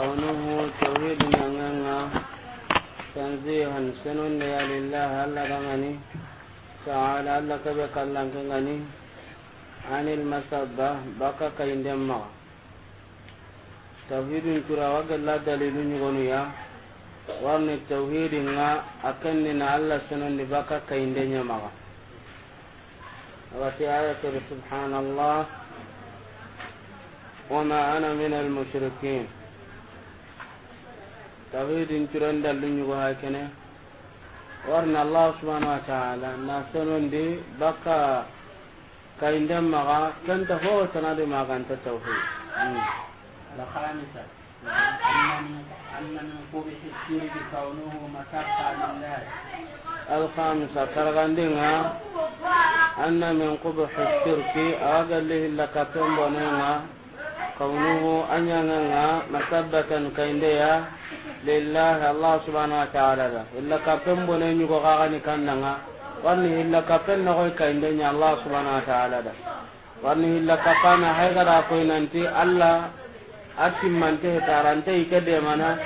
قوله توحيد نغنا تنزيها سنون لله هلا غني تعالى لك بكلام غني عن المسبة بقى كيندما توحيد كرا وقال لا دليل نغنيا warni tauhidin nga akanni na Allah sunan ni baka kaindenya maga awati ayatul subhanallah wa ma ana minal mushrikin tawhidin curen dallu ñugo ha kene warna allah subhanahu wa taala na senondi bakka kainden maga ho fo tanadi maganta tawhid الخامسة كرغندنا أن من قبح الشرك أغله لك تنبننا كونه أن ينغى مسبة كينديا lillahi allah subhanahu wa ta'ala da illa kapen ne ni go ga ni kannanga wani illa kapen no koy kainde ni allah subhanahu wa ta'ala da wani illa kapana hay gara ko nanti allah asimmante tarante de mana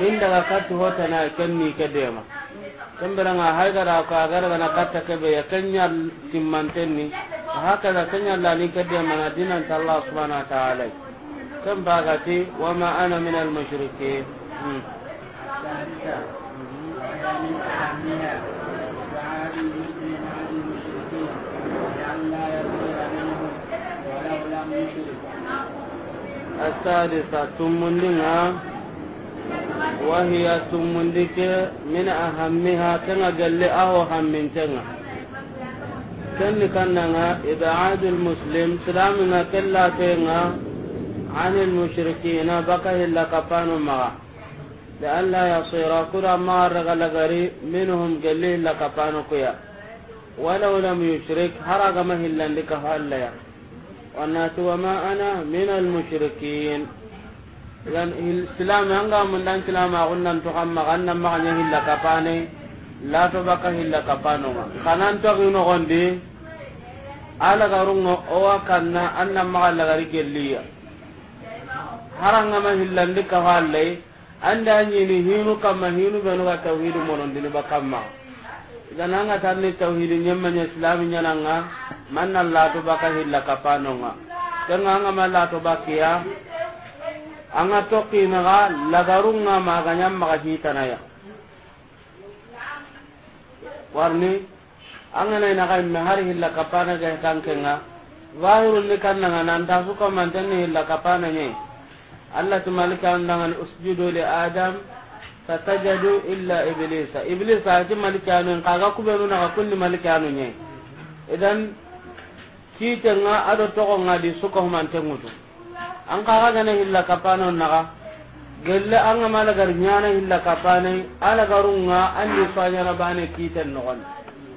min daga katu hota na ke de ma kambira nga hay gara ko agara gana katta be ya kenya timmantenni haka da ni ke de mana dinan ta allah subhanahu wa ta'ala kan bagati wa ma ana min al mushrikeen السادسة ثم أهمها وعاد المسلم عن المشركين لئلا يصير وهي تمندك من أهمها كما قال لي أهو هم من جنة كن كننا إبعاد المسلم سلامنا كلا تينا عن المشركين بقه لقفان مغا لئلا يصير كل ما رغلغري منهم قليل لك فانقيا ولو لم يشرك هرغ مهلا لك هلا والناس وما أنا من المشركين لأن السلام أنغا من دان سلام أقولنا نتقام مغانا مغانيا هلا كفاني لا تبقى هلا كفانوما خنان تغينو غندي على غرونه owa kanna anna maga lagari kelliya haranga ma hillandi kafalle anda nyini hinu kamma hinu benu ga tauhid monondini ba kamma gananga tanni tauhid nyemma nya islam nyananga manna la to baka hilla kapanonga gananga ma la to bakia anga toki naga lagarunga maganya maga hitanaya warni anga nay naga me har hilla kapana ga tankenga zahirul likanna nan ta suka mantanni hilla kapana nyai allah ti malika andangan usjudu li adam fasajadu illa iblisa iblisa ati malikanu kaga kubenu naga kunni malikanu nye idan kite nga ado toko nga di suka humante ngutu an kaga gane hilla kapano naga gelle an ga malagar nyana hilla kapane ala garunga an di sanya na bane kite nogon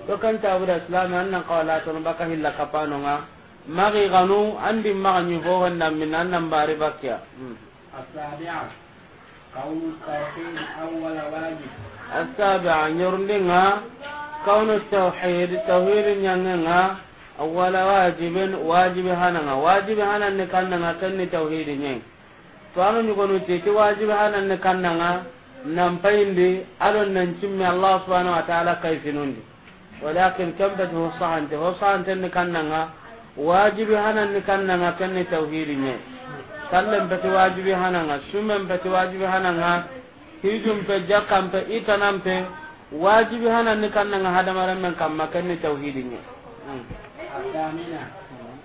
to kan ta bura islam an nan qala to baka hilla kapano nga magi ganu an di maganyu ho handa min nan bari bakya hmm. السابعة كون التوحيد أول واجب السابعة نيرندينها كون التوحيد توحيد نيانغا أول واجب واجب هانا واجب هانا نكنا تني توحيد نيانغ فأنا نقول تيتي allah subhanau wa taala kayfinundi sallan fati wajibi hananga sumen fati wajibi hananga hijum pe jakam pe itanam pe wajibi hanan ne kan nga hada maram men kam makan ni tauhid ni hmm. amina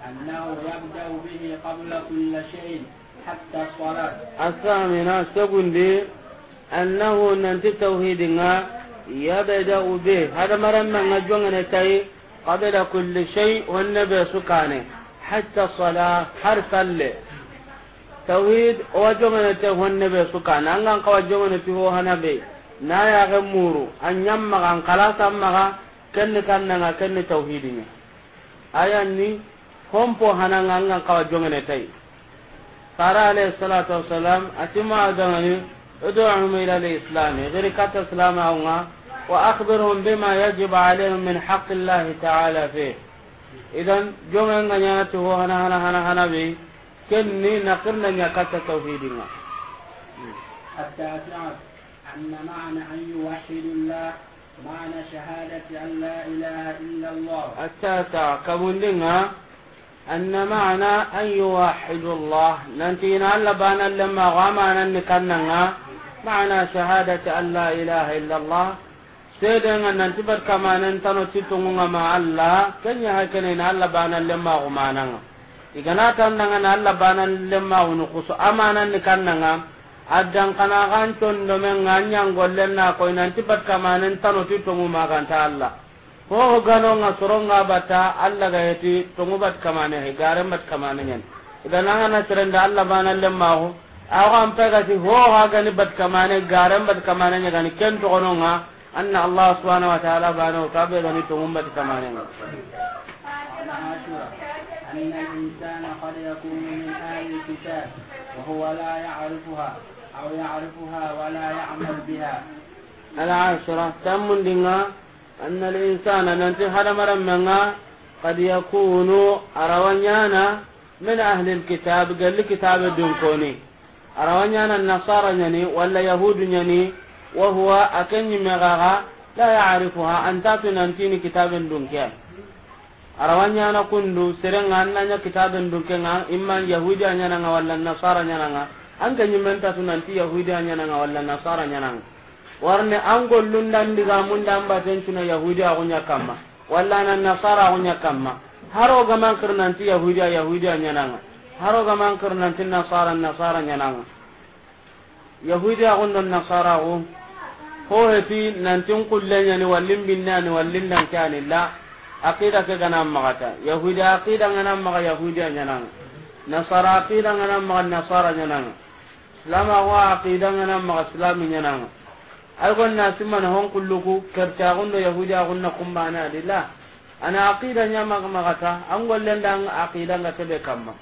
annahu yabda'u bihi qabla kulli shay'in hatta salat asamina sabundi annahu nanti tauhid nga yabda'u bi hada maram men nga jonga ne tai qabla kulli shay'in wa nabi sukane hatta salat har salle tawhid owa jogonete honne ɓe sukana angan kawa ɓe na yaxe muru a ñammaxa an kalasan maxa kenni kannanga kenni tawhidiña ayanni hompo hananga angan kawa jogonetay fara alayhi salatu wasalam atima adangani ادعهم الى الاسلام غير كات اسلام واخبرهم بما يجب عليهم من حق الله تعالى فيه kenni nakirna ñakatta tawhidinga التاسعة أن معنى أن يوحد الله معنى شهادة أن لا إله إلا الله التاسعة كبندنا أن معنى أن يوحد الله ننتينا لبانا لما غامانا نكننا معنى شهادة أن لا إله إلا الله sedenga nanti barkamanentano titongunga ma allah kenya hakenena allah banan lemmagumananga igana tan nanga na Allah banan lemma wonu kusu amanan ni kan daga addan kana kan ton do men nganyan gollen na ko nan tibat kamanen tano ti to mu magan ta Allah ho gano nga soronga bata Allah ga yati to mu bat kamane he garan bat kamane nyen igana na tirenda Allah banan lemma ho awa am pega ti ho ha gani bat kamane garan bat kamane nya gani ken to gono nga anna Allah subhanahu wa ta'ala banahu tabe gani to mu bat kamane nga أن الإنسان قد يكون من أهل الكتاب وهو لا يعرفها أو يعرفها ولا يعمل بها العاشرة تم لنا أن الإنسان ننتي هرمرا مرمنا قد يكون أروانيانا من أهل الكتاب قال لكتاب الدنكوني أروانيانا النصارى يعني ولا يهود يعني وهو أكن مغاغا لا يعرفها أن تاتي ننتيني كتاب دنكيان arawanya na kundu serenga annanya kitabun nga imman yahudi anya na wala nasara nya nga an ganyi menta sunanti yahudi anya na wala nasara nya nga warne an gollun diga mun dan baten tuna yahudi agunya kamma wala na nasara agunya kamma haro gaman nanti yahudi yahudi na nga haro gaman nanti nasara nasara nyana nga yahudi agun nasara agun ko heti nanti kullen ni wallin binna ni wallin dan kyani aqida ke gana magata yahudi aqida ganam maga yahudi nyanang nasara aqida ganam maga nasara nyanang islam wa aqida ganam maga islam nyanang algon nasiman hon kulluku kerta gondo yahudi agonna kumbana adilla ana aqida nyama magata an gollen dan aqida ngatabe kamma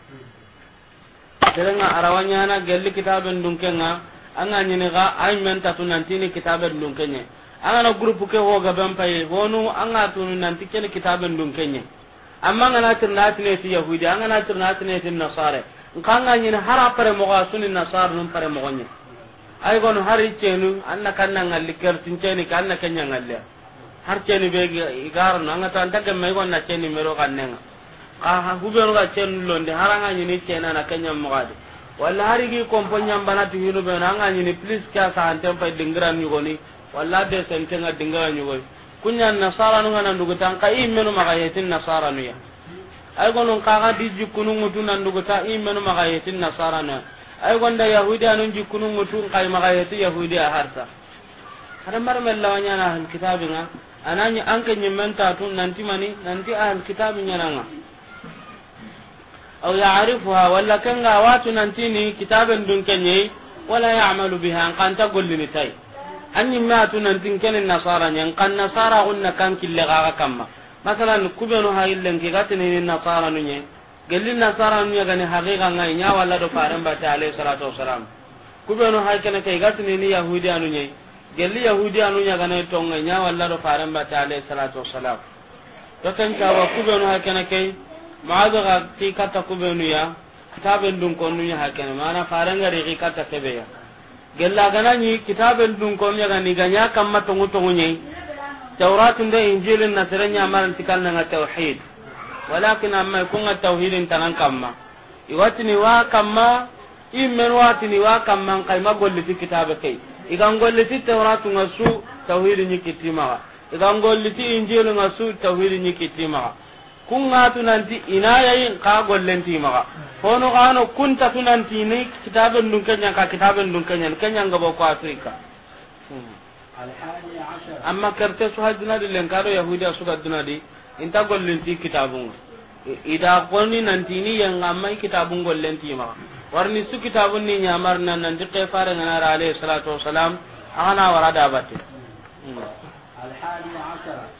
serenga arawanya na gelli kitaben dunkenga anga nyini ga ay men tatunantini kitaben dunkenye angana groupe ke hoga ben paye honu anga tunu nanti kene kitaben dun kenye amma ngana tirna tine ti yahudi angana tirna ne ti nasare nkanga nyina hara pare mo suni nasare nun pare mo gonye ay gonu hari cenu anna kanna ngalli kertin ceni kanna kenya ngalle har ceni be igar no anga tan daga me gonna ceni mero kannenga ka ha hubero ga cenu londe haranga nyini cena na kenya mo wala walla hari gi kompo nyambana ti hinu be anga nyini please ka sa antem pay dingiran yugoni walla de sentenga dinga nyugo kunya nasara nu ngana ndugo tan ka imenu maka yetin nasara nu ya ay gonon kaga di jikunu ngutu nan ndugo ta imenu maka yetin nasara na ay gonda yahudi anun jikunu ngutu kai maka yeti yahudi a harsa haram mar mellawanya na han kitabinga ananya anke nyementa tun nanti mani nanti ahal kitabinya nanga aw ya'rifuha walla kanga watu nantini kitaben dun kenye wala ya'malu biha an kanta gollini tai anyi ma nan tin kenen nasara nyang kan nasara unna kan kille gaga kamma masalan kubenu hayillen ke ni nasara nunye gelli nasara nunye gani haqiqa ngai nya wala do faran ba ta alayhi salatu wasalam kubenu kana ke gatene ni yahudi anunye gelli yahudi anunya gani tonga nya wala do faran ba ta alayhi salatu wasalam to tan wa kubenu haykene ke maado ga ti kata kubenu ya taben konnu ya haykene mana faran ga ri kata kebe ya gella ni kitabel dun ko mi gani ganya kamma tongu tongu nyi tawratun da injil na taranya maran tikal na tauhid walakin amma kunga tauhidin tanan kamma ni wa kamma wati watini wa kamma kai ti kitabe kai igan golliti tawratun asu tauhidin ni kitima igan golliti injil ngasu tauhidin ni kitima kungatu nanti inayayi ka gollenti maga hono gano kunta tunanti ni kitaben dun kenya ka kitaben dun kenya kenya ngabo ko afrika amma karte su haduna di lenkaro yahudi asuka duna di inta gollenti kitabun ida koni nanti ni yang amma kitabun gollenti maga warni su kitabun ni nyamar nan nanti qefare ngana ra alayhi salatu wassalam ana warada batte الحادي hmm. عشرة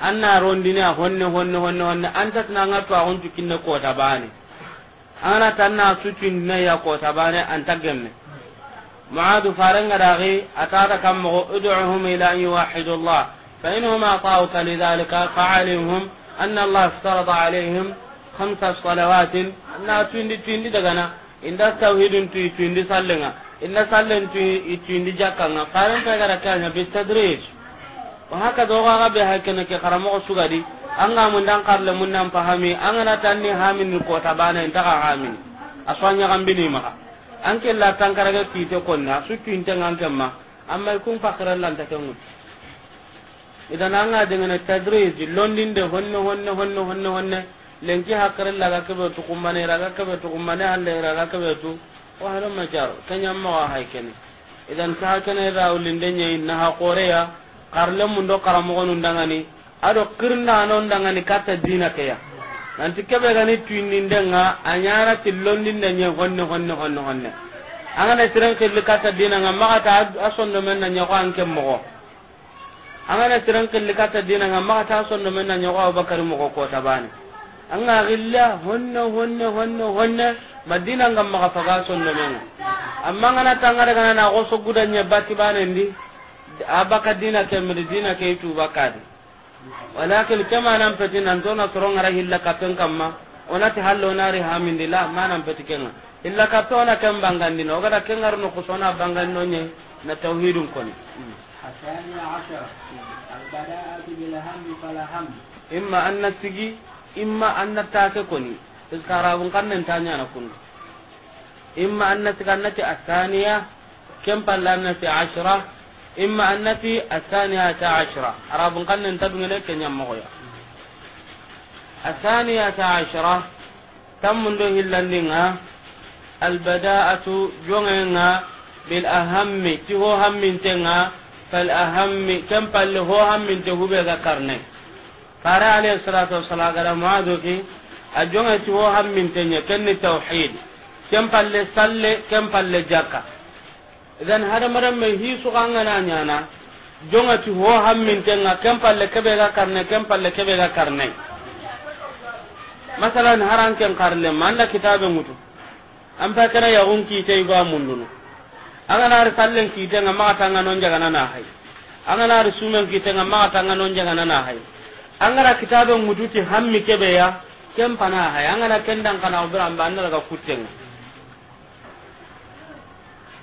anna rondini a honne honne honne honne anta tana nga to a honju kinne ko tabani ana tanna suci ne ya kota ko tabani anta gemme muadu farenga dagi atara kam mo ud'uhum ila an yuwahidu allah fa innahum ata'u li dhalika fa alimhum anna allah istarada alaihim khamsa salawat anna tindi tindi daga na inda tauhidun tindi sallenga inda sallen tindi jakkanga farenga dagara kanya bisadrij wa haka do ga be ne ke karamo sugadi ga mun dan karle mun nan pahami angana tanni hamin ko ta bana inta ka hamin aswanya ma an ke la tan tankara ga kite konna su ngan ke ma amma kun fakran lan ta kan idan an anga dengan tadrij londin de honno honno honno honno honno lenki hakran la ga kebe to kumane ra ga kebe to kumane de ra ga kebe to wa halo majaro ma wa haikene idan ta hakene ra ulinde nyi na ha korea karle mun do karamogo nun dangani ado kirna non dangani kata dina keya nanti kebe gani tuinin denga anyana tillondin da nye honne. gonne gonne gonne angana siren kelli kata dina nga makata asondo men na nyako anke mogo angana siren kelli kata dina nga makata asondo men na nyako abakari mogo kota bani anga gilla honne honne honne honne madina nga makafaga asondo men amma ngana tangare kana na goso gudanya bati bani ndi abaka dina kemri dina ke tu kadi walakin kama nan peti nan zona soronga ra hilla tan kamma onati hallo nari ma. manan peti kenga illa kaptona ken bangandino ogada kengar no kusona no nye na tauhidun koni imma anna sigi imma anna take koni iskarabun kannen tanya na kun imma anna sigi annati asaniya kem pallanna fi ashra imma annati athaniya ta ashira arabun kannin ta ashira tam mundo hillandi nga albada'atu jonga nga bil ahammi ti ho fara alayhi salatu wassalamu tauhid salle kam pal idan hadamaden mai hi su kan gana nyana jonga ti ho hammin tenga kem palle kebe ga karne kem palle kebe ga karne masalan haran ken karle manda kitabe mutu an ta kana ya unki tay ba mundunu anga nar sallen ki tenga ma tanga non jaga nana hay anga ar sumen ki tenga ma tanga non kana nana hay anga ra kitabe mutu ti hammi kebe ya kempana hay anga na kendang kana obran bandara ga kutenga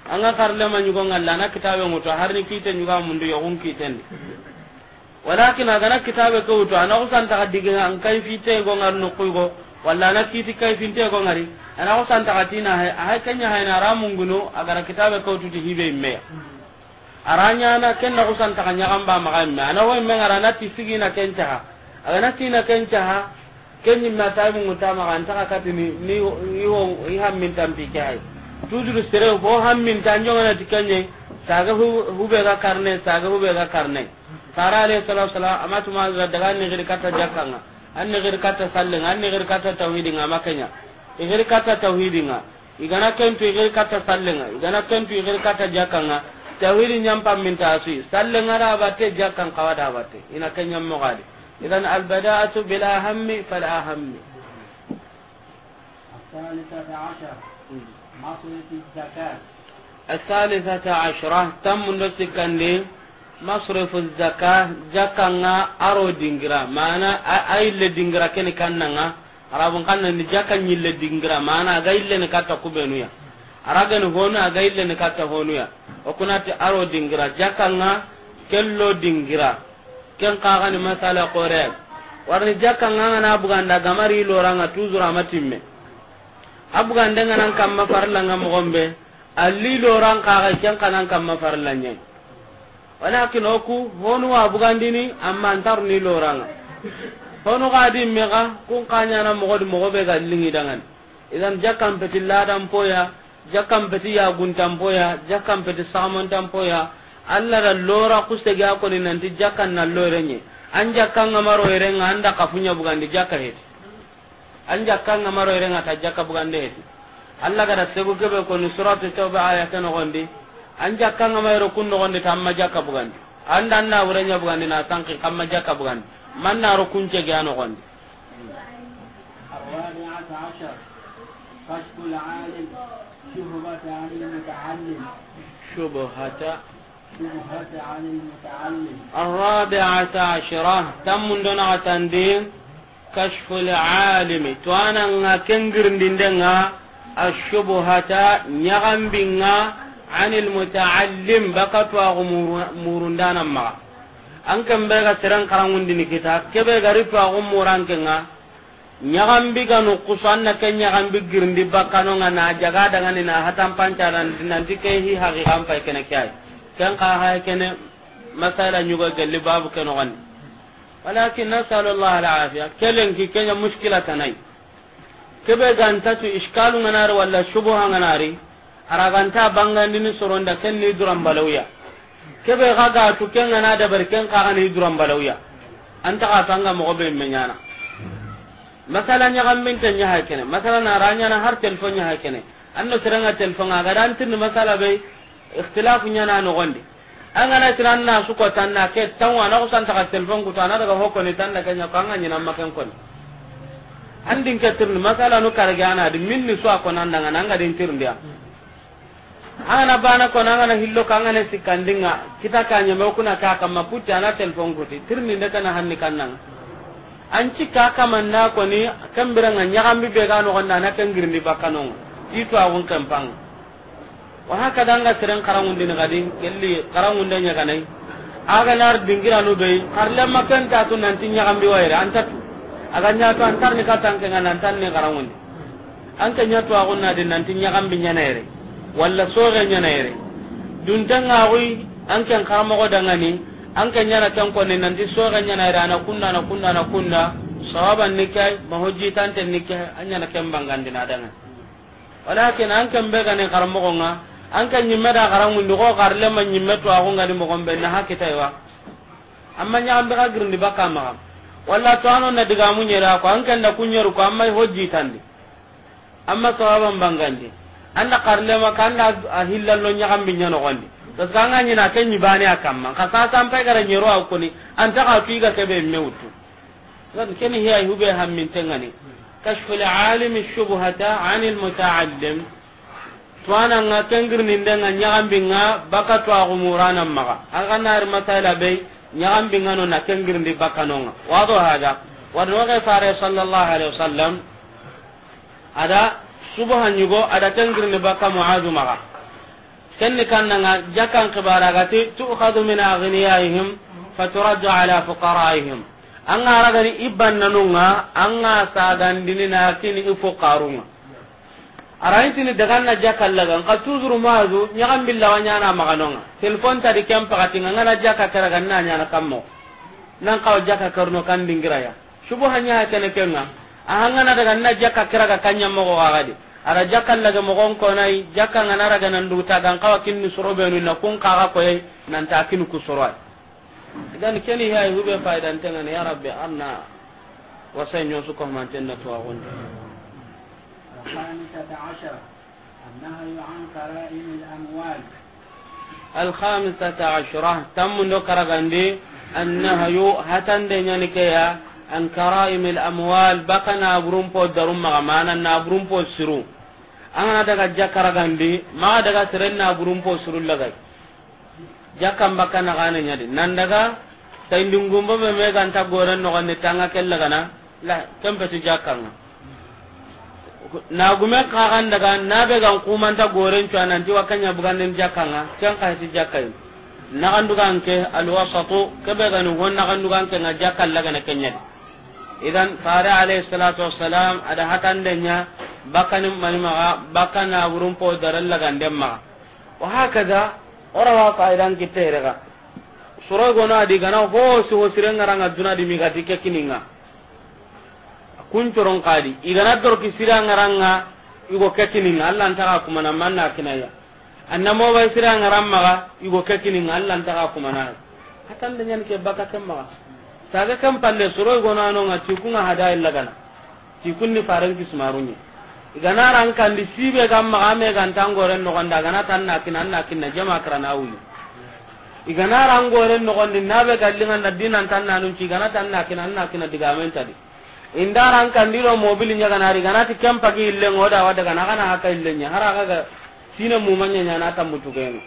anga karle ma nyugo ngalla na kitabe ngoto harni kite nyuga mundu ya kite ni walakin na kitabe ko to ana usan ta hadige an kai fite go ngar no kugo walla na kiti kai finte go ngari ana usan ta katina hay kanya hay na aga na kitabe ko to hibe me aranya na ken na usan ta kanya gamba kan ana wo me ngara na sigi na kenta ha agana tina kenta ha ken ma ta mu ngutama kan ta ka ni ni yi iham min tampi kai tujuru sere bo hammin tan jongana tikanye saga hube ga karne saga hube ga karne sara alayhi salatu wasalam amatu ma daga ni gir kata jakanga an ni gir kata sallinga an ni gir kata tauhidinga makanya gir kata tauhidinga igana tu gir kata sallinga igana tu gir kata jakanga tawhidi nyampa min ta asi sallinga da batte jakan kawada batte ina mo gadi idan bada'atu bila hammi fala hammi الثالثة عشر مصرف الزكاة الثالثة عشرة تم نسكن مصرف الزكاة جكنا أرو دينجرا معنى أي اللي دينجرا كني كننا arabun kan ni jaka nyille dingira mana aga ille ne kata kubenu ya araga ni honu aga ille ne kata honu ya okunati aro dingira jaka nga kello dingira ken kaga ni masala qore warni jaka nga na buganda gamari loranga tuzura matimme abugan dengan an ma farla nga mogombe alli loran kaga ken kanan ma farla nye walakin ku honu abugan dini amma antar ni loran honu gadi mega kun kanya na mogod mogobe gallingi dangan idan jakkan petil ladan poya jakkan peti ya guntam poya jakkan peti samon tan poya alla da lora kuste ga ko ni nanti jakan na lorenye an jakkan ngamaro erenga anda kafunya bugandi jakka heti an jakka ngamaro irenga ta jakka bugande heti allah gada segu kebe ko ni suratu tauba aya tan gondi an jakka ngamaro kun no gondi tamma jakka bugande an dan na urenya bugande na tanki kamma jakka bugande man na ro kunce ga no gondi كشف العالم شبهة عن المتعلم شبهة شبهة عن المتعلم الرابعة عشرة تم دون تندين kashfu alimi to ananga kengirndindenga ashubhata nyagambinga ani almutaallim bakatwaxu murundanan maxa an kembe ga seren karangundini kita kebe ga na jaga na hi kene kene masala gelli babu ke walakin nasalu allah alafiya kelen ki kenya mushkila tanai kebe gantatu iskalu nganari walla shubha nganari araganta bangandini soronda ken ni duran kebe tu ken da ni duran anta ka tanga mo be menyana nya min kene na har telefon nya kene anno seranga telefon aga dan tin angana tiranna na tanna tan na ke tan na usan san ta telefon ku tan daga hokko ni tanna ke nya ko anga nyina makan kon andin ke tirni masala no karga ana di minni su ko nan daga nan ga din tirndiya ya angana bana ko nan na hillo kan ne sikandinga kita ka nya mo kuna ka kama maputi ana telefon ku ti tirni ne na hanni kan nan an ci ka kama na ko ni kambira nga nya kambi be ga no na na kan girni bakanong itu awun kampang wa haka danga siren karangundi din kadi kelli karangunde nya kanai aga nar dingira nu doi karle makan ta tu nanti nya kambi waire antatu aga nya tu antar ni katan ke ngana antan ne karangundi anka nya tu aguna din nanti nya kambi nya nere walla soge nya nere dun danga wi anka karamo ko dangani anka nya na tan ko ni nanti soge nya nere ana kunna na kunna na kunna sawaban nikai tan tante nikai anya na kembang gandina dangani walakin anka mbega ne karamo ko nga an kan yi mada garan mun ko garle man nyimme to agun ngani mo gombe na hakita wa amma nya ambe ga girndi baka ma walla to an na diga mun yera ko an kan da kunyeru ko amma hojji tan amma sawaban bangandi anda karle ma kan da ahilla lo nya gambi nya no gondi to sanga nyi na bani nyibane akamma ka sa sampai a ko ni an ta ka figa kebe mewtu zan keni hiya hube hammin tengani kashful alimi shubhata anil muta'allim tuwana nga kengirni ndenga nyagambi nga baka twagu murana maga aga nar masala be nyagambi nga no na kengirni baka no nga wado hada wadno ga sare sallallahu alaihi wasallam ada subhan yugo ada kengirni baka muadu maga kenni kannanga jakan kibara gati tu'khadhu min aghniyaihim faturaddu ala fuqaraihim anga ragani ibanna nunga anga sagandini na kini ifuqarunga arayitini daganna jakallaga nka toujours maadu ñagan billawa ñana maganonga téléphone tadi ken pakatinga ngana jaka keraga na ñana kammo nan kawa jaka kerno kan dingiraya subuha ñaha kene kenga aha ngana daga na jaka keraga kanñammogo kagadi ara jakallaga mogon konai jaka ngana raga nan dugutaga nkawa kinni sorobenu na kun kaga koye nanta kini kusoroay idan keni hay huɓe faydantengani ya rabbi arna wasay ñosukohmanten na tuwagunde الخامسة عشر النهي عن كرائم الأموال الخامسة عشرة تم نكرغندي النهي هتن دنيانكيا عن كرائم الأموال بقى نابرون بو درون مغمانا نابرون بو سرو أنا دقا جاكرغندي ما دقا سرين نابرون بو سرو لغاي jakan baka na gane nyadi nan daga tay ndungumbo be me ganta goren no ganne tanga kella kana la kempe tu jakan na gume kakan daga na be gan ta goren cuwa nanti wakanya nem jakanga can ka ti jakai na kan dugan ke alwasatu kebe gan won na kan dugan ke na jakal laga na kenya idan tare alayhi salatu wassalam ada hatan denya bakanin bakan na burun po daral laga ma wa hakaza orawa ka idan kitere ga suro gono adi gana ho su ho sirengara juna di migati ke kininga kuncoron kadi igana doroki sira ngaranga igo kekininga allah ntaka kumana manna kinaya annamowa sira ngarammaga igo kekininga allah ntaka kumanaya hatande ñani ke baka kemmaga saga kam palle soro igonanonga tikunga hada illagana tikunni farenki igana iganaran kandi sibe gam maga ame gantangoren nogonde gana tan nakina an kinna jama karana wuli rangore no nogondi nabe gallinga na dinan tan nanunci igana tan nakina an nakina digamentadi indaran kandiro mobili kana ti ken pagi illen oda wa daga nagana haka nya hara ga sina mumanya ñana tammutugenu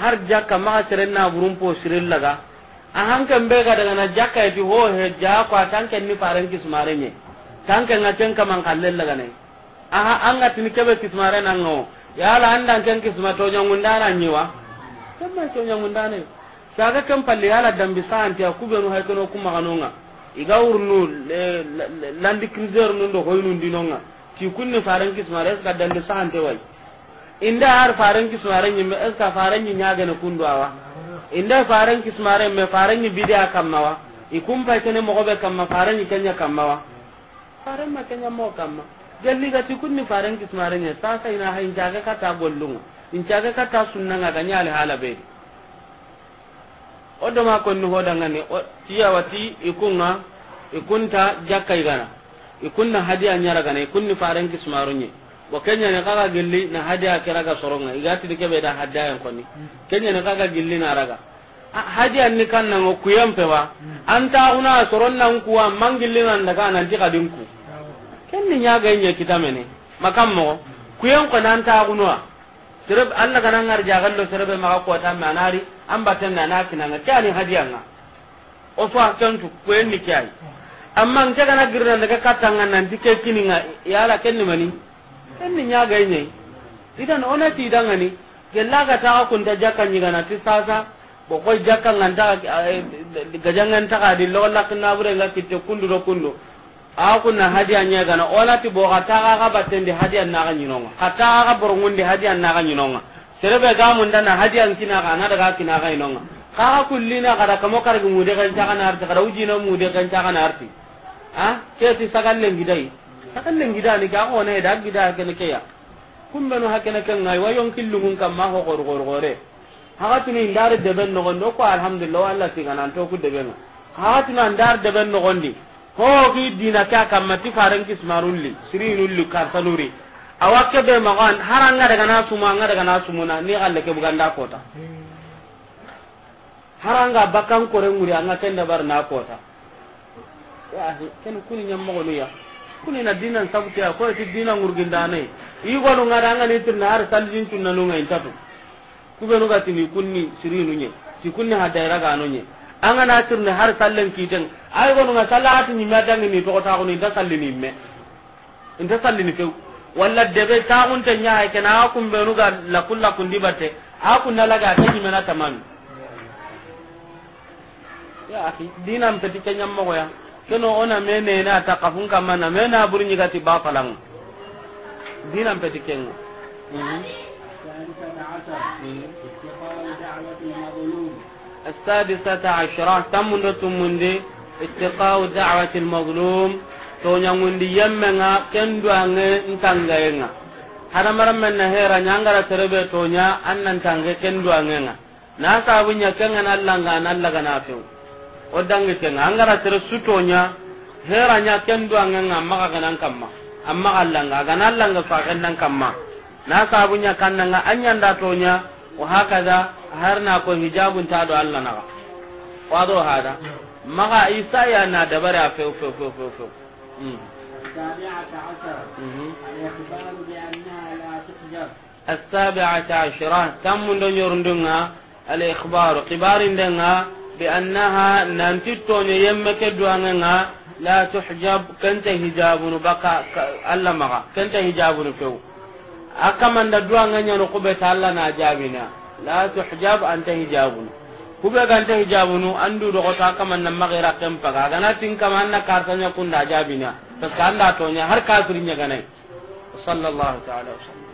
har jakka na serenna po sirin laga ahan kan be ga daga na jaka eti ho he ja ko tan ken ni paren sumare nye tan ken ngaten kan lella ga ne aha anga tin kebe sumare nan no yala andan ken kismato wa. nyiwa tamma to sa saga kan palle yala dambi sa antia kubenu hay kono kuma kanonga iga urnu landi krizer nun do hoynun dinonga ti kunni faran kismare ka dande sante wai inda har faran kismare ni me es ka faran ni nyaga na kundu awa inda faran kismare me faran ni bidia kamma wa ikum pa tene mo gobe kamma faran ni kenya kamma wa faran ma kenya mo kamma jalli ga ti kunni faran kismare ni sa sa ina ta gollu in jaga ka ta sunna ga hala halabe odo ma konni hodangani tiya wati ikunga ikunta jakka igana ikunna hadiya gana ikunni faren kismarunye wa kenya ne kaga gilli na hadiya ga soronga igati de kebe da hadiya yan koni hmm. kenya ne kaga gilli na raga hadiya ni kanna ngo yampe wa hmm. anta una soronna kuwa mangilli nan daga nan ti dinku kenni nyaga nye kitamene makammo hmm. kuyen ko nan ta gunwa sirab Allah kana ngar jagallo sirabe maka ko ta manari an ambaten na na kinanga kani nga o tu so akantu kwenni kai amma nke kana girna daga katanga nan dike kininga yala kenni mani kenni nyaga ine idan ona ti danga ni gella ga ta ko nda jaka nyiga na ti sasa bo ko jaka nganta eh, gajangan ta ka di lolla kna bure la kitte kundu ro kundu a kunna hadiya nyaga na ona ti bo ga ta ga batten di hadiya na ga nyinonga ka ta ga borongun di hadiya na ga nga. serebe gamun dana haji an kina ga na daga kina ga inonga kaga kullina kada kamo karbi mude kan ta kana arti kada ujina mude kan ta kana arti ha ke ti sagalle ngidai sagalle ngida ni ga ko ne da gida ke ne ke ya kumbe no hakene kan ngai wayon killungun kam ma ho gor gor gore haga tuni ndar de ben no gondo ko alhamdulillah Allah ti ganan to ku de ben haga tuni ndar de ben no gondi ho ki dina ka kam mati faran kismarulli sirinulli kartanuri awa kebe magan haranga daga na suma anga daga na suma sumuna ni alle ke buganda kota haranga bakan kore nguri anga kenda bar na kota ya ken kuni nyam mo ya kuni na dinan sabuti ya ko ti dinan ngurginda ne i gonu ngara anga ni tunna har saljin tunna no ngai tatu kube no gati ni kunni sirinu nye ti kunni ha daira ga no nye anga na tunna har sallen kiten ay gonu ngala salati ni madang ni to ta ko ni da sallini me inda sallini ke walla debe ta nya taxunte ñahay kene a kumbenuga lakun lakundi batte a kunnalaga ata ñimena tamami ya akhi dinam nyam peti keñammoxoya keno ona me nene ata kafun kammana me mena buri ti ba falang dinam peti kenga السادسة عشرة تمند تمند اتقاء دعوة المظلوم to nyangundi nga kendo ange nga hada maramman na hera nyangara terebe to nya annan tange kendo nga na sabu nya kenga nallanga nallaga na fe o dangi kenga angara tere nya hera nya kendo nga maka ganan kamma amma allanga ganallanga fa ganan kamma na sabu nga kannanga anyanda to nya wa hakaza har na ko hijabun ta do Allah na wa do hada maka isa ya na dabara fe fe fe fe السابعة عشر الإخبار بأنها لا تحجب السابعة عشرة كم من دنها الإخبار قبار دنها بأنها نانتتون يمك دوانا لا تحجب كنت هجاب بقى ألا كنت هجاب فيو أكمن دوانا نقبت ألا ناجابنا لا تحجب أنت هجابنا kube gante hijabunu andu do kota kaman nan magira kan paga gana tin kaman na kartanya kun da jabina to kanda to nya har kafirin nya ganai sallallahu ta'ala wasallam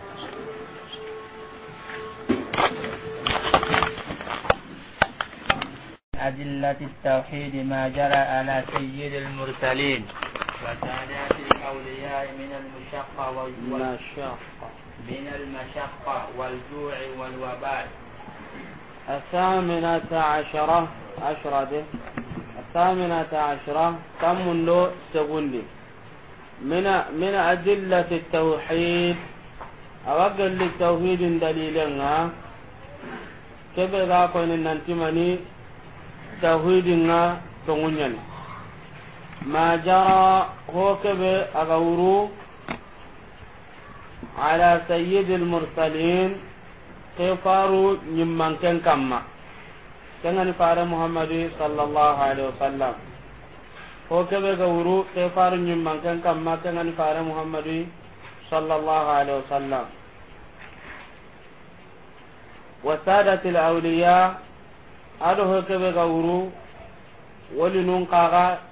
أدلة التوحيد ما جرى على سيد المرسلين وسادات الأولياء من المشقة والمشقة من المشقة والجوع والوبال الثامنة عشرة عشرة دي الثامنة عشرة تم له سبولي من من أدلة التوحيد أوقل للتوحيد دليلا كيف ذا إن ننتمني توحيدنا تغنين ما جرى هو كيف أغورو على سيد المرسلين ke faru ken kamma kengani fare muhammadu sallallahu alaihi wasallam ko kebe ga wuru ke faru ken kamma kengani fare muhammadu sallallahu alaihi wasallam sadatil awliya ado ho kebe ga wuru woli nun kaga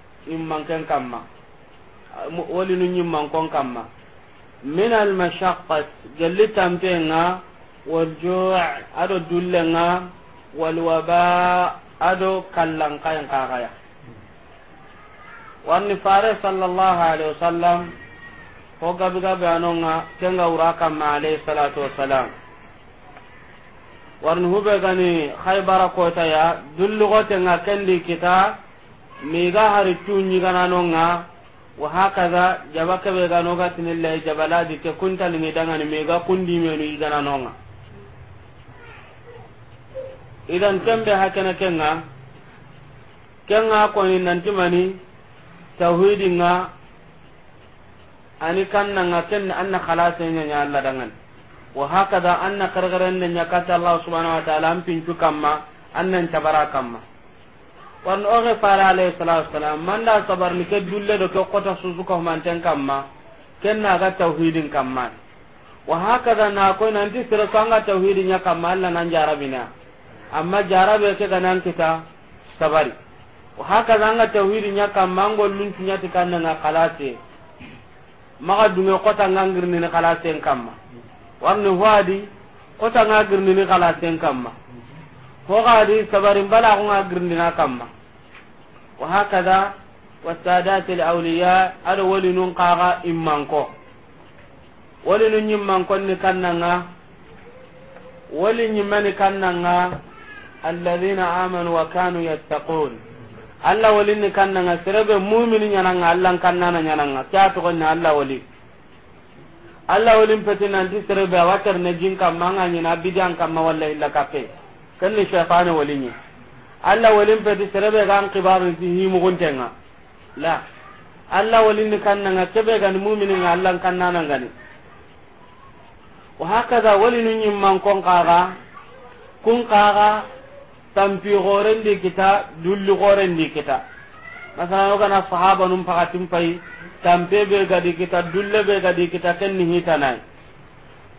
ken kamma woli nun kon kamma min al mashaqqat jallitam tenga ado dulle nga والجوع أدو دلنا والوباء أدو كلنقين kaya wani fare sallallahu alaihi wasallam ko gabi gabi anonga kenga uraka ma alaihi salatu wasalam warni hube gani khaybara ta ya dullu gote nga kendi kita ga hari tunyi gana nonga wa hakaza jabaka be gano ga tinilla jabaladi ke kuntal ni dangani miga kundi menu gana nonga idan tembe hakana kenga kenga koni nanti mani tauhidin nga ani kanna nga kenna anna khalasenya nya Allah dangan wa hakada anna kargaran nya kata Allah subhanahu wa ta'ala am tu kamma annan tabara kamma wan oge fara alayhi salatu wassalam manda sabar ni ke dulle do ko kota man tan kamma kenna ga tauhidin kamma wa hakada na ko nanti sira sanga tauhidin nya kamma Allah nan jarabina amma jarabe ke ganan kita sabari haka zanga tawhidi nya kam mango luntu te kanna na kalate maka dunga kota ngangir ni kalate kamma wanne wadi kota ngangir ni kalate kamma ko gadi sabari bala ko ni na kamma wa hakada wasadat alawliya ado wali nun kaga immanko wali nun nyimmanko ni kannanga wali nyimmani kannanga الذين آمنوا وكانوا يتقون Allah wali ni kanna nga serebe mumini nyana nga Allah kanna na nyana nga kya to kanna Allah wali Allah wali mpeti nanti serebe awatar ne jin kam manga ni na bidan kam ma wallahi la kape kanni shaytan wali ni Allah wali mpeti serebe gan kibaru ti hi mu guntenga la Allah wali ni kanna nga sebe gan mumini nga Allah kanna na ngani wa hakaza wali ni nyimman kon kaga kun kaga tampi gorendi kita dulli gorendi kita masalan kana sahaba num pakatin pai tampe be gadi kita dulle be gadi kita kenni hitanai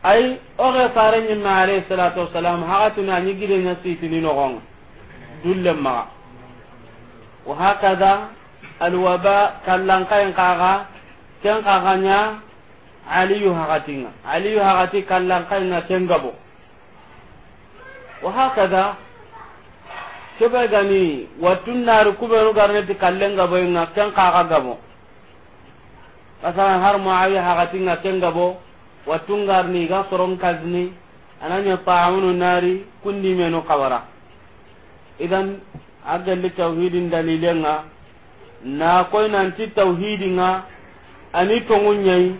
ay oge fare salatu dulle wa kaga ken kaganya aliyu hakatinga aliyu hakati ken gabo wa kebe gani watun nari kubenu garneti kallen gabo nga ken kaka gabo kasan har muawiya hakati nga ken gabo watun garni ga soron kazni ananya ta'amunu nari kundi meno kawara idan agalli tauhidin dalilen nga na koy nanti tauhidin nga ani tongunyai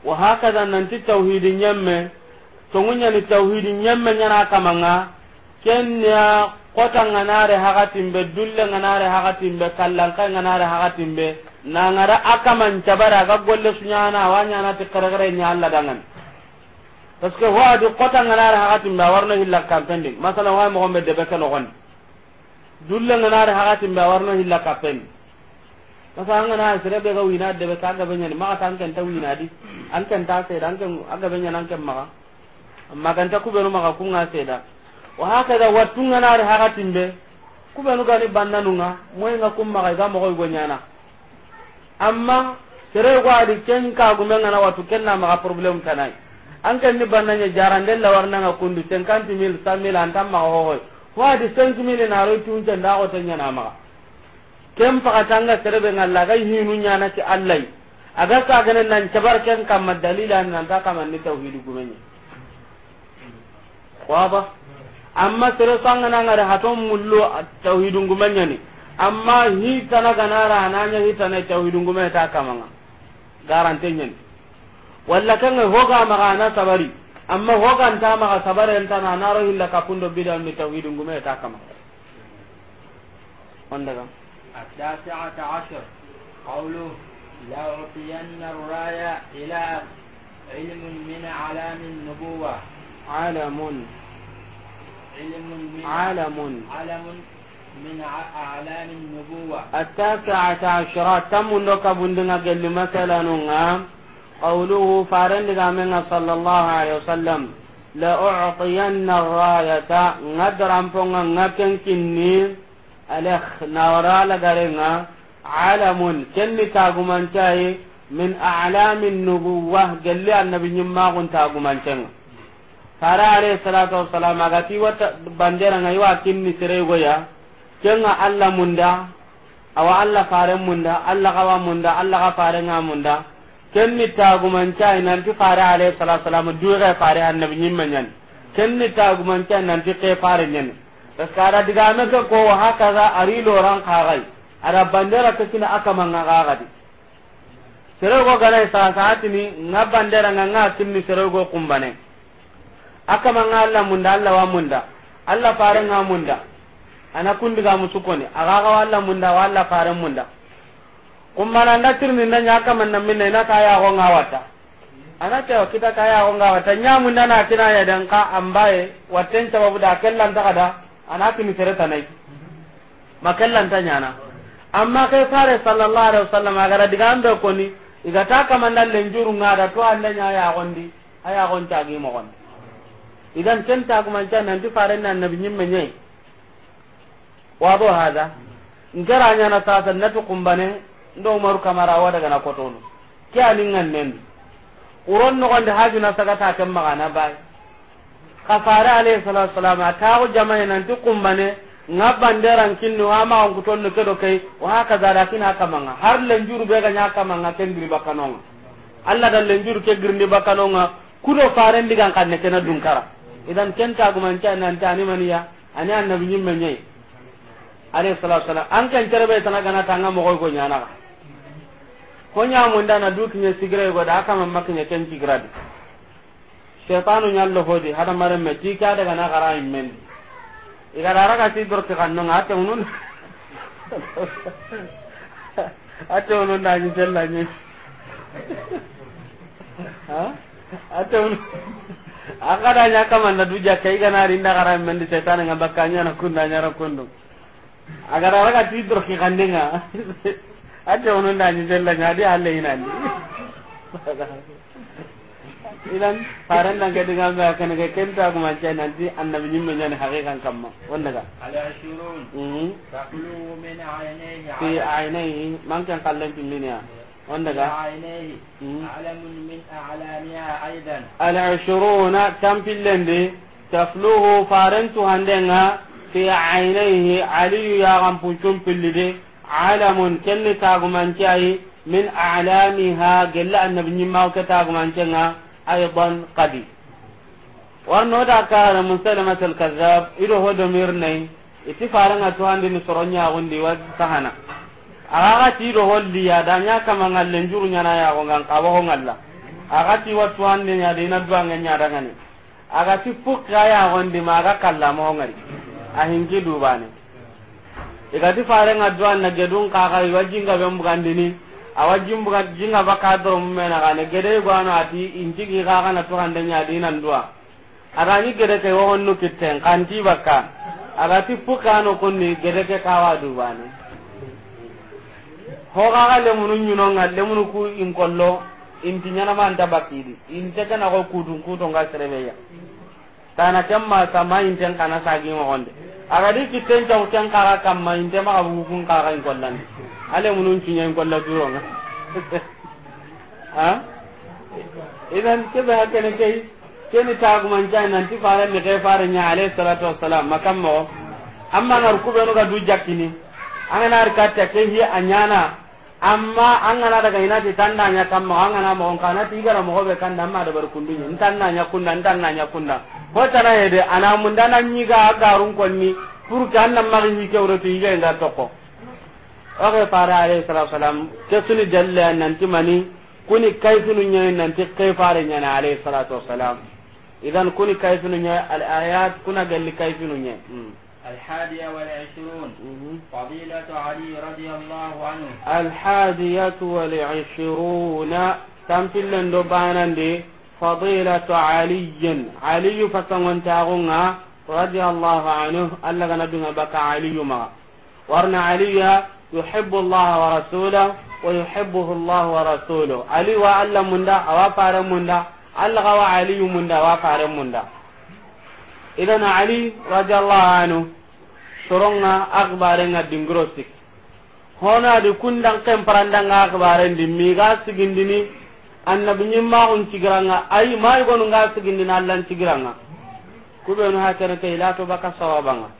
wa hakaza nanti tauhidin nyemme tongunyani tauhidin nyemme nyana kamanga kenya kota nganare hakatimbe dulle nganare hakatimbe kallanka nganare hakatimbe nangara akaman cabara ga golle sunyana awanyana ti karagare nya Allah dangan parce que du kota nganare hakatimbe awarno hilla kampendi masala wa mo gombe de beke logon dulle nganare hakatimbe awarno hilla kampendi masa an na sere be ga wina de be ka ga benya ma ta an kan ta wina di an kan ta sai dan kan aga benya nan kan ma amma kan ta kubenu maka kun ga sai da wa haka hakada wattunga nari hakatimbe kubenu gani bannanunga moyinga kummaga iga mogoy gonyana amma sere go adi ken kagumengana watu kenna maga probléme tanai an jaran kenni bannanya jaranden lawarnanga kundu cinquante mille cent mille antan maga hohoy ho adi da mille naro tuncendaagote ñanamaga ken tanga pakatanga serebe ngalla aga hinu ñanati allahy aga sagane nan cabar ken ta kamma dalilani nanta kamandi tawhidu gumeñe ba. amma sere na ngare haton mullo tauhidun gumanya ni amma hi tana ganara ananya hi tana tauhidun gumanya ta kamanga garante nyen walla kan hoga magana sabari amma hoga anta maga sabare anta na naro hilla kapundo bidan ni tauhidun gumanya ta kamanga wanda التاسعة علم علم من أعلام النبوة التاسعة عشرة تم لك بندنا قل مثلا قوله فارن من صلى الله عليه وسلم لأعطين الراية ندرا فونا نكن كني ألخ نورا لغرنا علم كن تاغمان من أعلام النبوة قال لي النبي ما كنت تاغمان fara ale salatu wassalam ti wata bandera ngai wa kinni sere goya kenga alla munda awa alla fare munda alla kawa munda alla ka fare nga munda kenni taguman cai ti fare ale salatu wassalam ga fare annabi nyimma nyan kenni taguman cai nanti ke fare nyan kaskara diga me ko ko haka za ari loran kagai ara bandera ke kina aka manga kagadi sere go gana sa saati ni nga bandera nga nga kinni sere go kumbane akama nga alla munda alla wa munda alla fare nga munda ana kundiga musukoni aga ga alla munda wa alla fare munda kummana nda tirni nda nyaka man nan minna ka ya ho nga wata ana ta kita ya ho nga wata nya munda na kina ya dan ka ambaye waten ta babu da kallan ta kada ana kini sereta nai makallan ta na amma kai fare sallallahu alaihi wasallam agara diga ambe koni igata kamanda lenjuru ngada to alla nya ya gondi aya gon gi mo gondi idan ken tagumanca nan farenni annabi ñimme wa do hada ngara san sasa nati kumbane ndo umar kamara wa awa dagana kotonu ke nan nendi uron na hajuna ta kan magana baye kafare alayhi salatu go jama'a nan nanti kumbane nga banderan kinni wa ma on kuton ke do kai wa ka zara kina kamanga har len juru be ga nya kamanga ken diri bakanonga Allah dan len juru ke girni bakanonga kudo faren digan kan ne kena dunkara idan ken ta gumanci ananta ani maniya ani annabi nyimme nyai alayhi salatu wasalam an kan tarbe tana kana tanga mo ko nyana ka ko nya mun dana duk ne sigire go da aka mamma ne ken sigradi shaytanu nyallo hodi hada mare me ti ka daga na gara immen igara raka ti dor ka kanno ngate unun ate unun da ni tella ni ha ate unun akada nya kama na duja kai gana rinda garan men di setan nga bakanya na kunda nya agar agara raga tidro ki kandenga adde onon da ni della nya di halle ina ni ilan faran nan ga dinga ga kana ga kenta kuma ce nan di annabi nim men ne hakikan kamma wanda ga ala ashurun mhm taqulu min aynihi fi aynihi man kan kallan tillinya wandaga hmm. alamun min a'laniha aidan al 20 tan fillende tafluhu farantu handenga fi aynaihi ali ya gampu chum fillide alamun kenni taguman chai min a'lamiha gella annabi nyimma o ke taguman chenga aidan qadi warno da kar musalama al kazzab ido ho do mirnai itifaranga tuhandi ni soronya gundi wa tahana aga ti do holli ya da nya kama ngalle njuru nya na ya ko ngan ka ho ngalla aga ti watu ande nya de na dwa nga nya da ngani aga ti fukka ya gondi ma aga kalla mo ngari a hingi dubane iga e ti fare nga dwa na gedun ka ga e wajinga be mbugandini awa jimbuga jinga baka doro mena gane gede gwano ati inji gi ga kana to hande nya di nan dua arani gede ke wo honnu kitten kanti baka aga ti fukano kunni gede ke kawa dubane hoxaxa lemunu ñinonga lemunu ku in kollo inti ñanama anta bakkidi inte kana ko kutun kutonga sereɓeya tana ken ma sama inten kana sagimoxonde agadi kitten caw ken kaxa kamma inte maxa bugu kun kaxa in kollandi a lemunun cuña in kolla duronga a idan keɓe ha kene key keni tagumancai nanti fare mixe fare ña alayhi salatu wassalam ma kam moxo amma ngar kuɓenuga du jakkini angana ar katta ke hi a ñana amma an gana daga ina ti tanda nya ma an gana mo kan na tigara mo be kan amma da barkundu ni tanda nya kunna tanda nya kunna ko tana yede ana mun dana nyi ga garun konni pur kan nan ma nyi ke wuro ti ga nda tokko o ke para alayhi salatu wasalam ke suni dalle nan ti mani kuni kayfunu nya nan ti kayfare nya na alayhi salatu wasalam idan kuni kayfunu nya al ayat kuna galli kayfunu nya hmm. الحادية والعشرون فضيلة علي رضي الله عنه الحادية والعشرون تمثل لندبانا دي فضيلة علي علي فكان تاغونا رضي الله عنه ألا نبينا بك علي ما ورنا علي يحب الله ورسوله ويحبه الله ورسوله علي وعلم من دا وفار من دا ألا علي من دا وفار من دا idan ali radiyallahu anhu soronga akbarenga dingiro sik hona di kundang kem parandanga akbare di mi ga sigindini annabi nyimma on tigranga ay may gonu nga sigindina allan kube kubenu hakere ila to baka sawabanga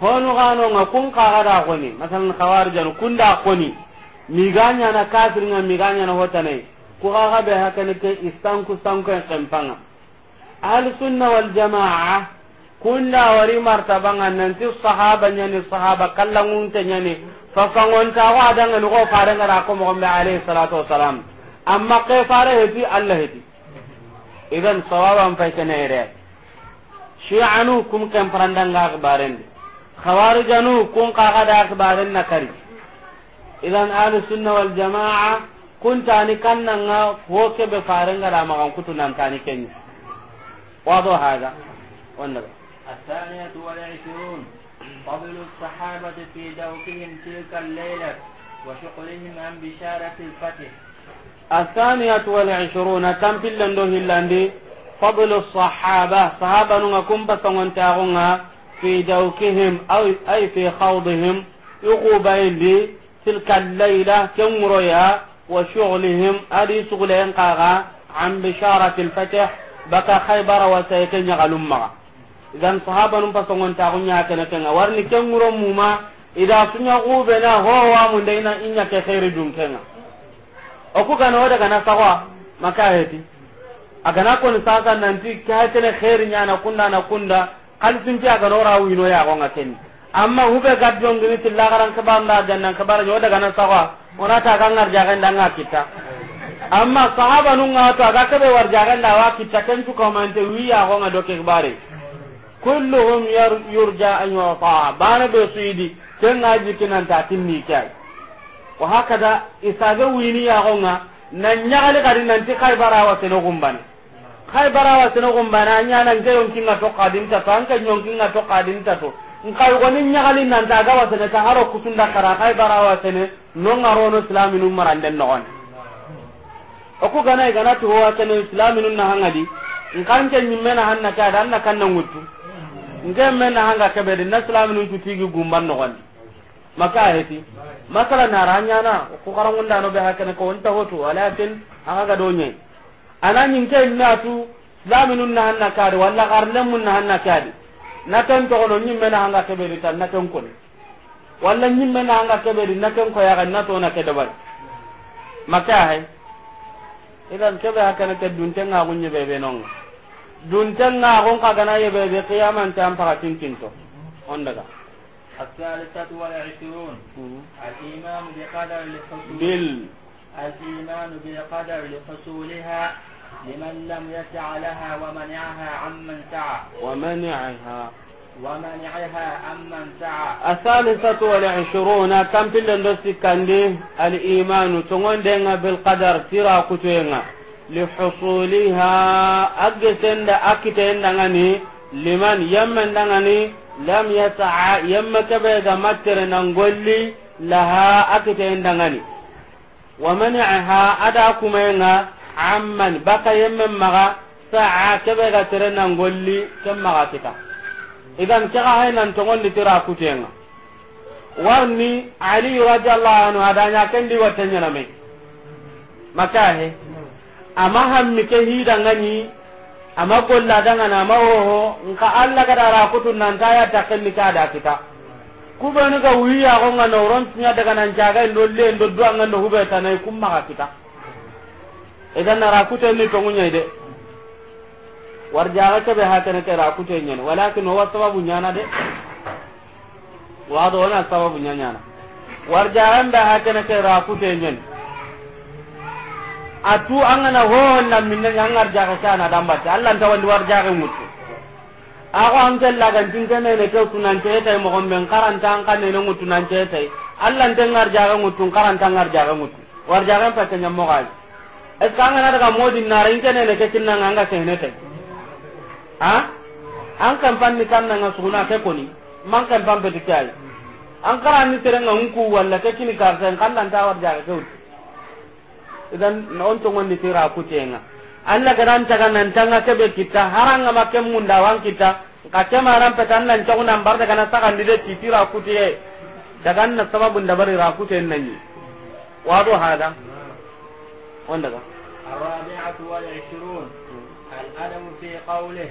honu gano nga kun kagada goni masalan khawarjan kunda koni mi na kafir nga mi na hotane ku ga be hakene ke istanku stanku kempanga ahlu sunna wal jamaa kunna wari martabanga nanti sahaba nyani sahaba kallangun te nyani fa ta wa adanga ni ko fare ngara ko mo be alayhi salatu wassalam amma ke fare hedi allah hedi idan sawaban fa kana shi anu kum kan parandanga akbaren janu kun ka kada na kari. idan ahlu sunna wal jamaa kunta ni kannanga ho ke be fare ngara magan kutunan tani kenya واضح هذا والنبي الثانية والعشرون فضل الصحابة في دوكهم تلك الليلة وشغلهم عن بشارة الفتح الثانية والعشرون كم في اللندوه اللندي فضل الصحابة صحابة بس وانتاغونها في دوكهم أو أي في خوضهم يقوبين لي تلك الليلة كم رؤيا وشغلهم أدي سغلين قاغا عن بشارة الفتح baka khaybara wa sayke nyagalum maga gan sahaba num pasongon ta kunya kana kenga warni kenguro muma ida sunya ube na ho wa mu dai na inya ke khairu dum kenga o ku kana wada kana sawa maka heti agana ko ni sasa nanti ka tene khairu nya na kunda na kunda kan sun ti aga nora wino ya gonga ken amma hube gadjon gini tilla garan kabar dan jannan kabar yo daga na sawa ona ta gangar kan dan kita amma sahaba nun ga to kabe war warjagan da wa kitta kan ku ko man te wi ya ho ga doke bare kulluhum yurja an yuta bana be suidi ken ngaji nan ta tinni kai wa haka hakada wi ni ya ho ga nan nyagali kadi nan ti kai bara wa seno gumbani kai bara wa seno an anya nan ke yonkin na to kadin ta tan kan yonkin na to kadin ta to nkai goni nyagali nan ta ga wa sene ta haro kusunda kara kai bara wa sene non no islamin ummaran den no oku gana igana to wa kana islaminu na hangadi nkan ke nyimme na hanna ka dan na kanna ngutu ngem men na hanga ke be na islaminu tu tigi gumban no gandi maka heti masala na ranya na ko karangun da no be hakana ko onta hoto walakin aga ga donye ananyin ke na tu islaminu na hanna ka da walla mun na hanna ka de na tan to no nyimme na hanga ke be tan na tan ko walla nyimme na hanga ke be na tan ko ya ga na to na ke dabar maka hai idan kebe hakana ke dunten ga gunye bebe non dunten ga gon ka gana ye bebe qiyaman tan pa tinkin to on daga الثالثة والعشرون الإيمان بقدر الحصول بال الإيمان بقدر لحصولها لمن لم يسع لها ومنعها عمن سعى ومنعها ومنعها أمن سعى الثالثة والعشرون كم في اللندوسي كان الإيمان تغندنا بالقدر ترى كتوينا لحصولها أجسن أكتن دغني لمن يمن دغني لم يسعى يم كبيغا متر ننقلي لها أكتن دغني ومنعها أداكمينا عمن بقى يمن مغا سعى كبيغا ترننقلي كم مغاتكا idan kaga hay nan to ngondi tira kutenga warni ali radhiyallahu anhu adanya di watanya na mai maka he amma hammi ke hida ngani amma kolla danga na mawo nka alla kada ra kutu nan taya ni ka da kita kubani ga wiya ko nga ron tunya daga nan jaga le ndo duanga ndo hubeta nay kumma ka kita idan na ra kuten ni to ngunya ide war warjaxa keɓe ha kene kera kuteñani walakin owa sababu ñana de wa do na sababu war na ñañana warjaxen ɓe ha kene kera kuteñani atu angana hohon nan minne angar jaxe ke ana dambatte allanta wandi warjaxe ŋuttu ako an kellagantinkenene ke tunancetay mogon ɓen karanta an kanene ŋuttu nancetay allante ngar jaxe ŋuttu karanta ngar jaxe ŋuttu warjaxen pete ñammoxaji est ce que angana daga modin nara ne ke kinnanga anga kehnetay ha an kan ni kan na suguna ke koni man kan pampe tikai an kara ni terenga unku walla ke kini ka san kan nan tawar jaga ke ut idan na on to ni tira ku tenga alla garan kan nan tanga ke be kita haranga make munda wan kita ka maran pe tan nan chawu nan na ta kan dide tira ku tiye daga na sababu nda bari ra ku ten nan ni wado hada on daga الرابعة والعشرون الأدب fi قوله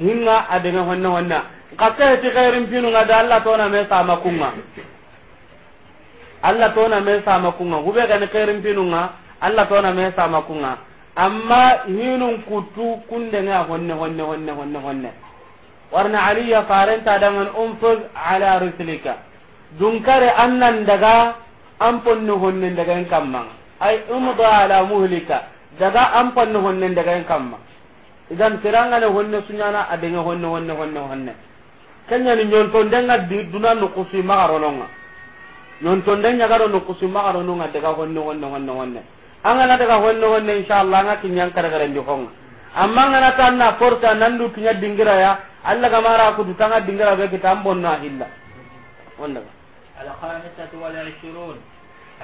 hinga ademe honna honna kase ti khairin pinu nga da Allah tona me sama makunga Allah tona me sama makunga hube ga ne khairin pinu nga Allah tona me sama makunga amma hinun kutu kunde nga honne honne honne honne honne warna aliya da man umfuz ala rusulika dunkare annan daga an ponne honne daga en kamma ay umda ala muhlika daga an ponne honne daga en kamma idan tirangane honne suñana adenge honne honne honne honne kenyani ñontondenga duna nukusi magarononga ñontonde ñagaro nukusi magarononga daga honne honne honne honne angana daga honne honne inchallah anga kiñankaragarendi honga amma ngana tanna porta nandu kiña dingiraya allah gamara kutu tanga dingira be kita an bonna hilla wondaga الخامسة والعشرون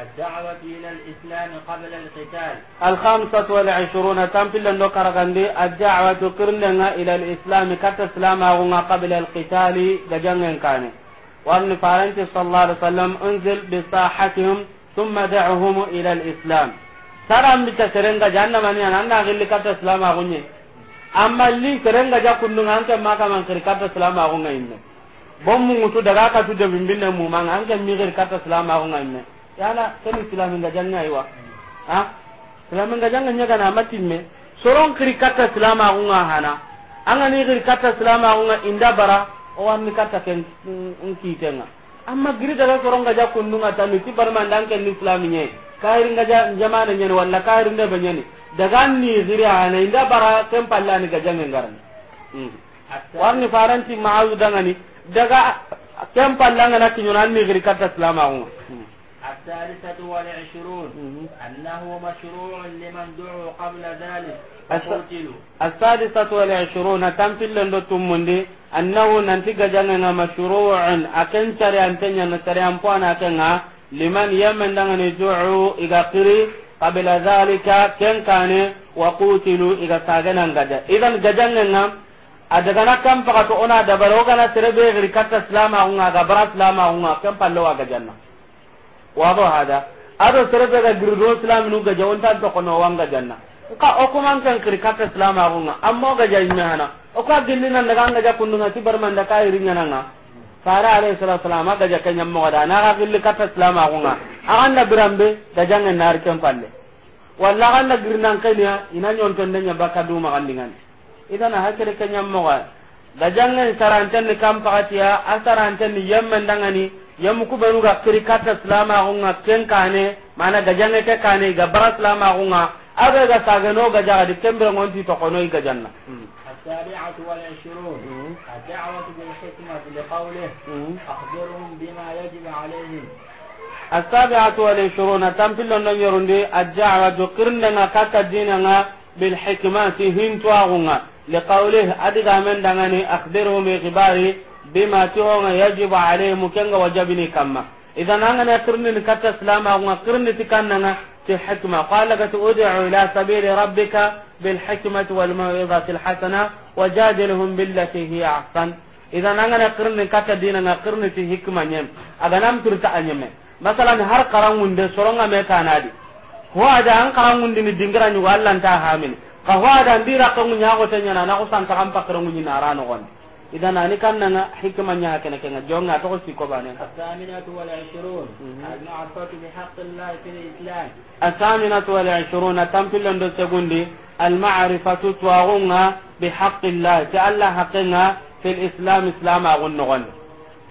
الدعوة إلى الإسلام قبل القتال الخامسة والعشرون تنفل النقر الدعوة كرنها إلى الإسلام كتسلام قبل القتال كان وابن فارنت صلى الله عليه وسلم انزل بصاحتهم ثم دعهم إلى الإسلام islam agunye amma li serenga yala ken islamin ga janga yiwa ha islamin ga janga nyaga na me soron kiri kata islama kunga hana anga ni kiri kata islama kunga inda bara o warni kata ken mm, nkitenga amma giri daga soron ga nga tanu ti barman dan ken islaminye kairin ga jamana nyani walla kairin da banyani daga ni giri hana inda bara ken pallani ga janga ngaran mm. warni faranti ma'udu dangani daga kempal langa na kinyona ni giri kata islama kunga mm. الثالثة والعشرون أنه مشروع لمن دعوا قبل ذلك وقتلوا السادسة والعشرون تم في اللندتم مندي أنه ننتج جننا مشروع أكن شري أنتني نشري أنبوان أكنها لمن يمن دعنا دعوا إذا قري قبل ذلك كن كان وقتلوا إذا ساجنا جدا إذا جدنا adagana kam fakato ona dabaro gana serebe gri katta islam aunga gabara islam aunga kam pallo aga janna wado hada ado serebe ga girdo islam nu ga jawon tan to kono wanga janna ka o ko man kan kiri kata islam a gonga amma ga jayna hana o ka gilli nan daga anga ja kundunga ti barman da kai rinya nan fara alayhi salatu wasalam ga ja kanya mo da na ga gilli kata islam a an da birambe da jangan nar kan palle walla aganda girnan kanya ina nyon ton denya baka du magandingan idan hakere kanya mo ga da jangan sarantan ni kam pakatiya asarantan ni yamman dangani ku benu ga kiri kata silama hunga ken kane mana gajanga ke kane ga bara silama hunga aga ga saga no gaja ga dikembe ngon ti tokono i gajanna hmm. as-sari'atu wal 'ishrun hmm. ad-da'watu bil hikmah li qawlihi hmm. akhbiruhum bima yajib 'alayhim as-sari'atu wal 'ishrun tam fil lan yurundi ad-da'wa dukirna na kata dinanga bil hikmah ti hintu agunga li qawlihi adiga mendangani akhbiruhum bi khibarihi bima tihonga yajibu alayhim kenga wajabini kamma idan angana kirni nga kirni ti hikma qala ila sabili rabbika bil hikmati wal maw'izati al hasana wajadilhum billati ahsan idan kirni kirni ti hikma nyem turta anyeme masalan har karangunde soronga me kanadi ho ada an karangundi ni dingira nyugo Allah ta hamin ka ho ada ndira ko na ko santa إذا أنا كان حكمة نيا كنا كنا جونا تقول في كوبانة الثامنة والعشرون المعرفة بحق الله في الإسلام الثامنة والعشرون تم في لندن تقولي المعرفة تواغونا بحق الله تألا حقنا في الإسلام إسلام أغن نغن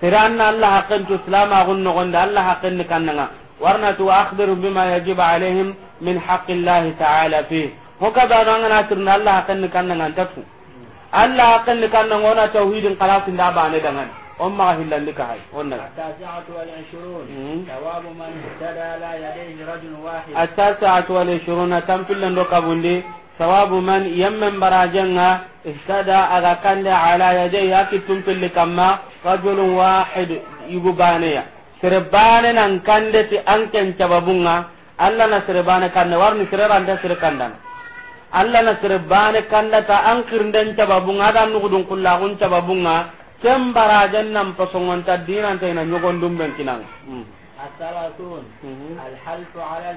فرأنا الله حقن إسلام أغن نغن الله حقن كنا ورنا أخبر بما يجب عليهم من حق الله تعالى فيه هكذا أنا ترنا الله حقن كنا تفو alla kan kan nan ona tauhidin qalasin da ba ne dangan on ma hillan dika hay on nan tasiatu wal 20 hmm. tawabu man tada la yadayhi rajul wahid at-tasi'atu wal 20 tampillan do kabundi thawabu man yamman barajanga istada aga kanda ala yadayhi akitum fil kamma rajul wahid yugo ya serebane nan kande ti anken cababunga alla na serebane kanne warni sererande sere kandana Allah na sir bani kanda ta an kirdan ta babunga da nugudun kulla kun ta babunga kem barajan nan fasongon ta dinan ta ina nyogon dumben kinan hmm. asalatun hmm. alhalfu ala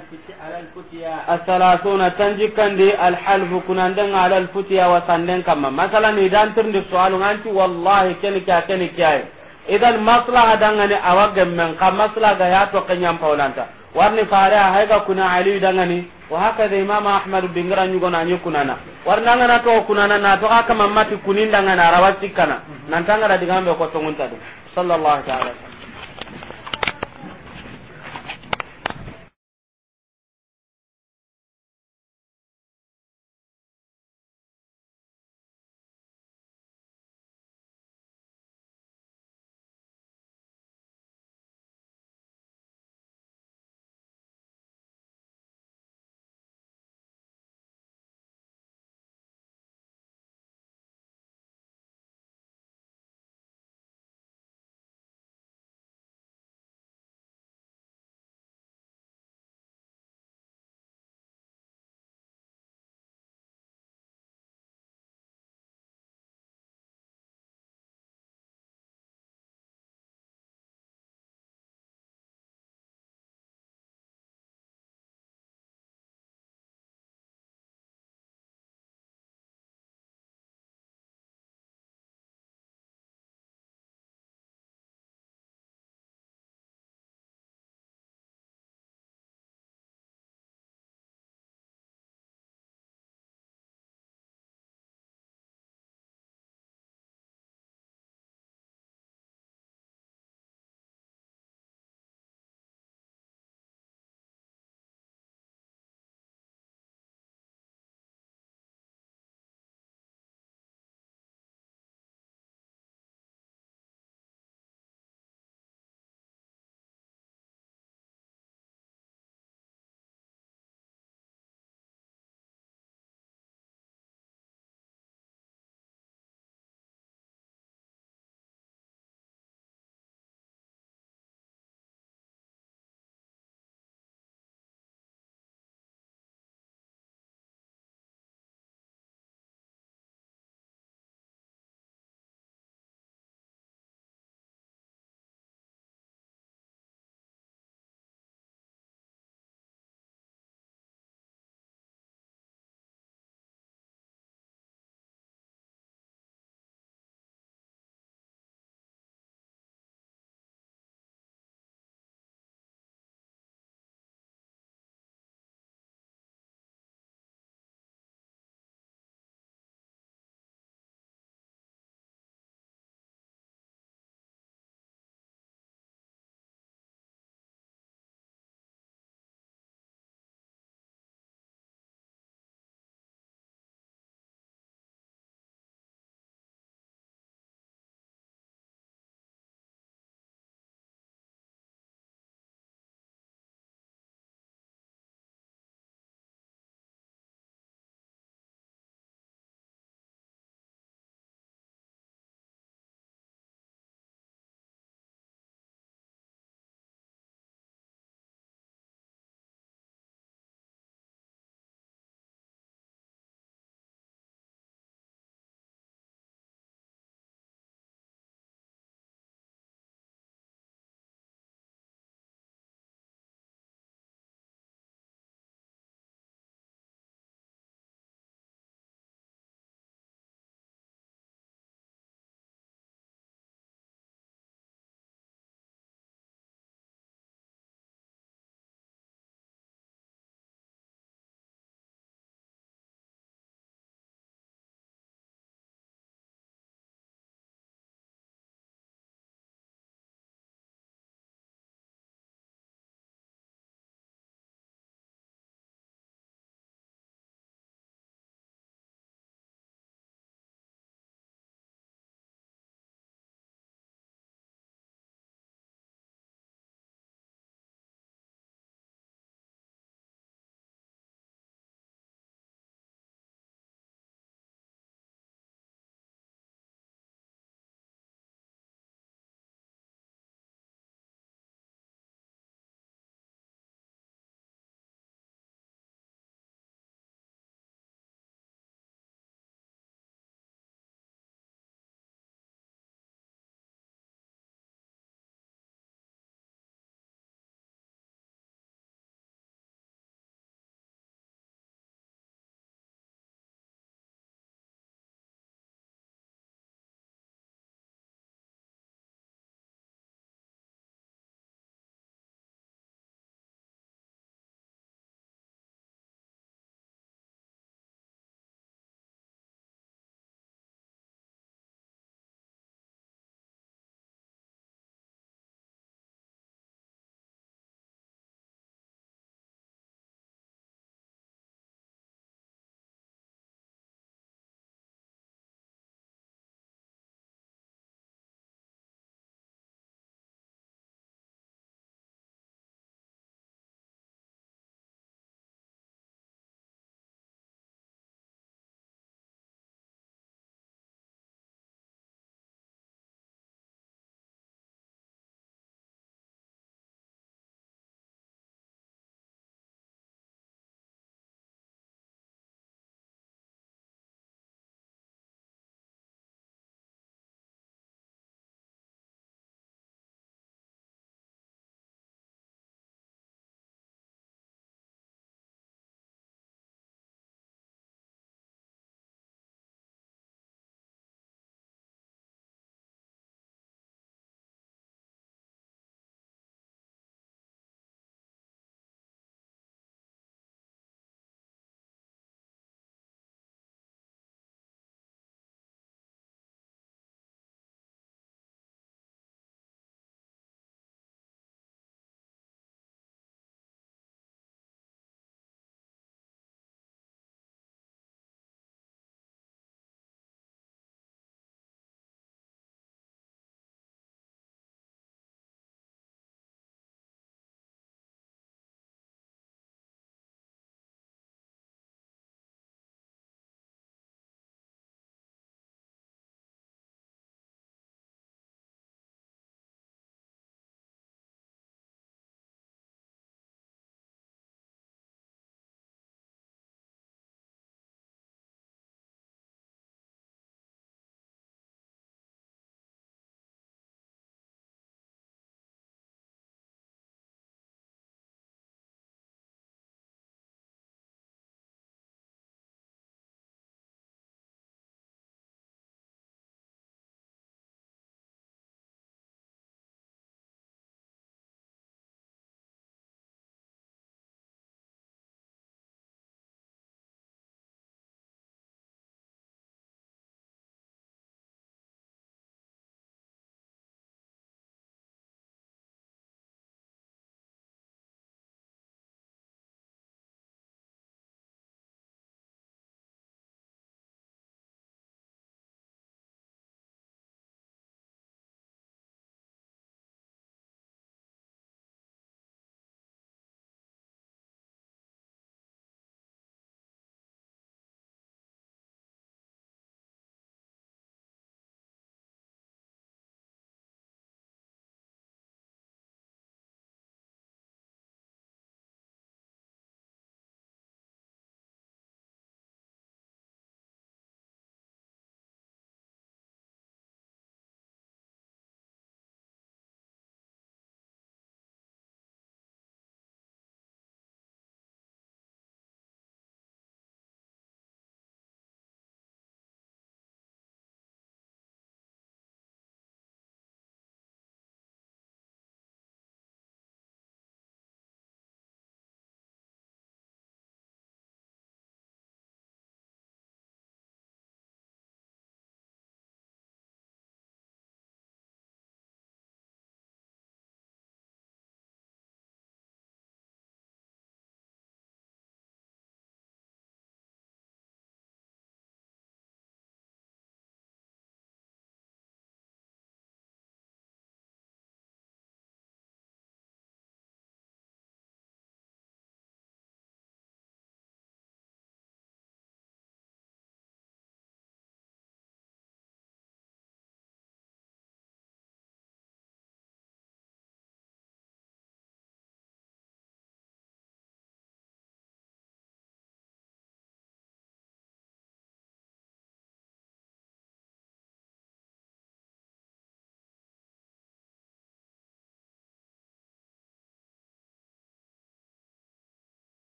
alfutiya asalatuna tanji kandi alhalfu kunan dan ala alfutiya wa sanden kamma masalan idan tirni sualu nganti wallahi keni kya keni kya idan maslaha dangane awagem men kam maslaha ga ya to kenyam paulanta warni fare a haiga kuna ali dangani wa haka da imam ahmad bin gara nyugo na nyi kunana warna to kunana na to haka mamati kunin dangana rawati kana nan da digambe ko tongunta sallallahu ta'ala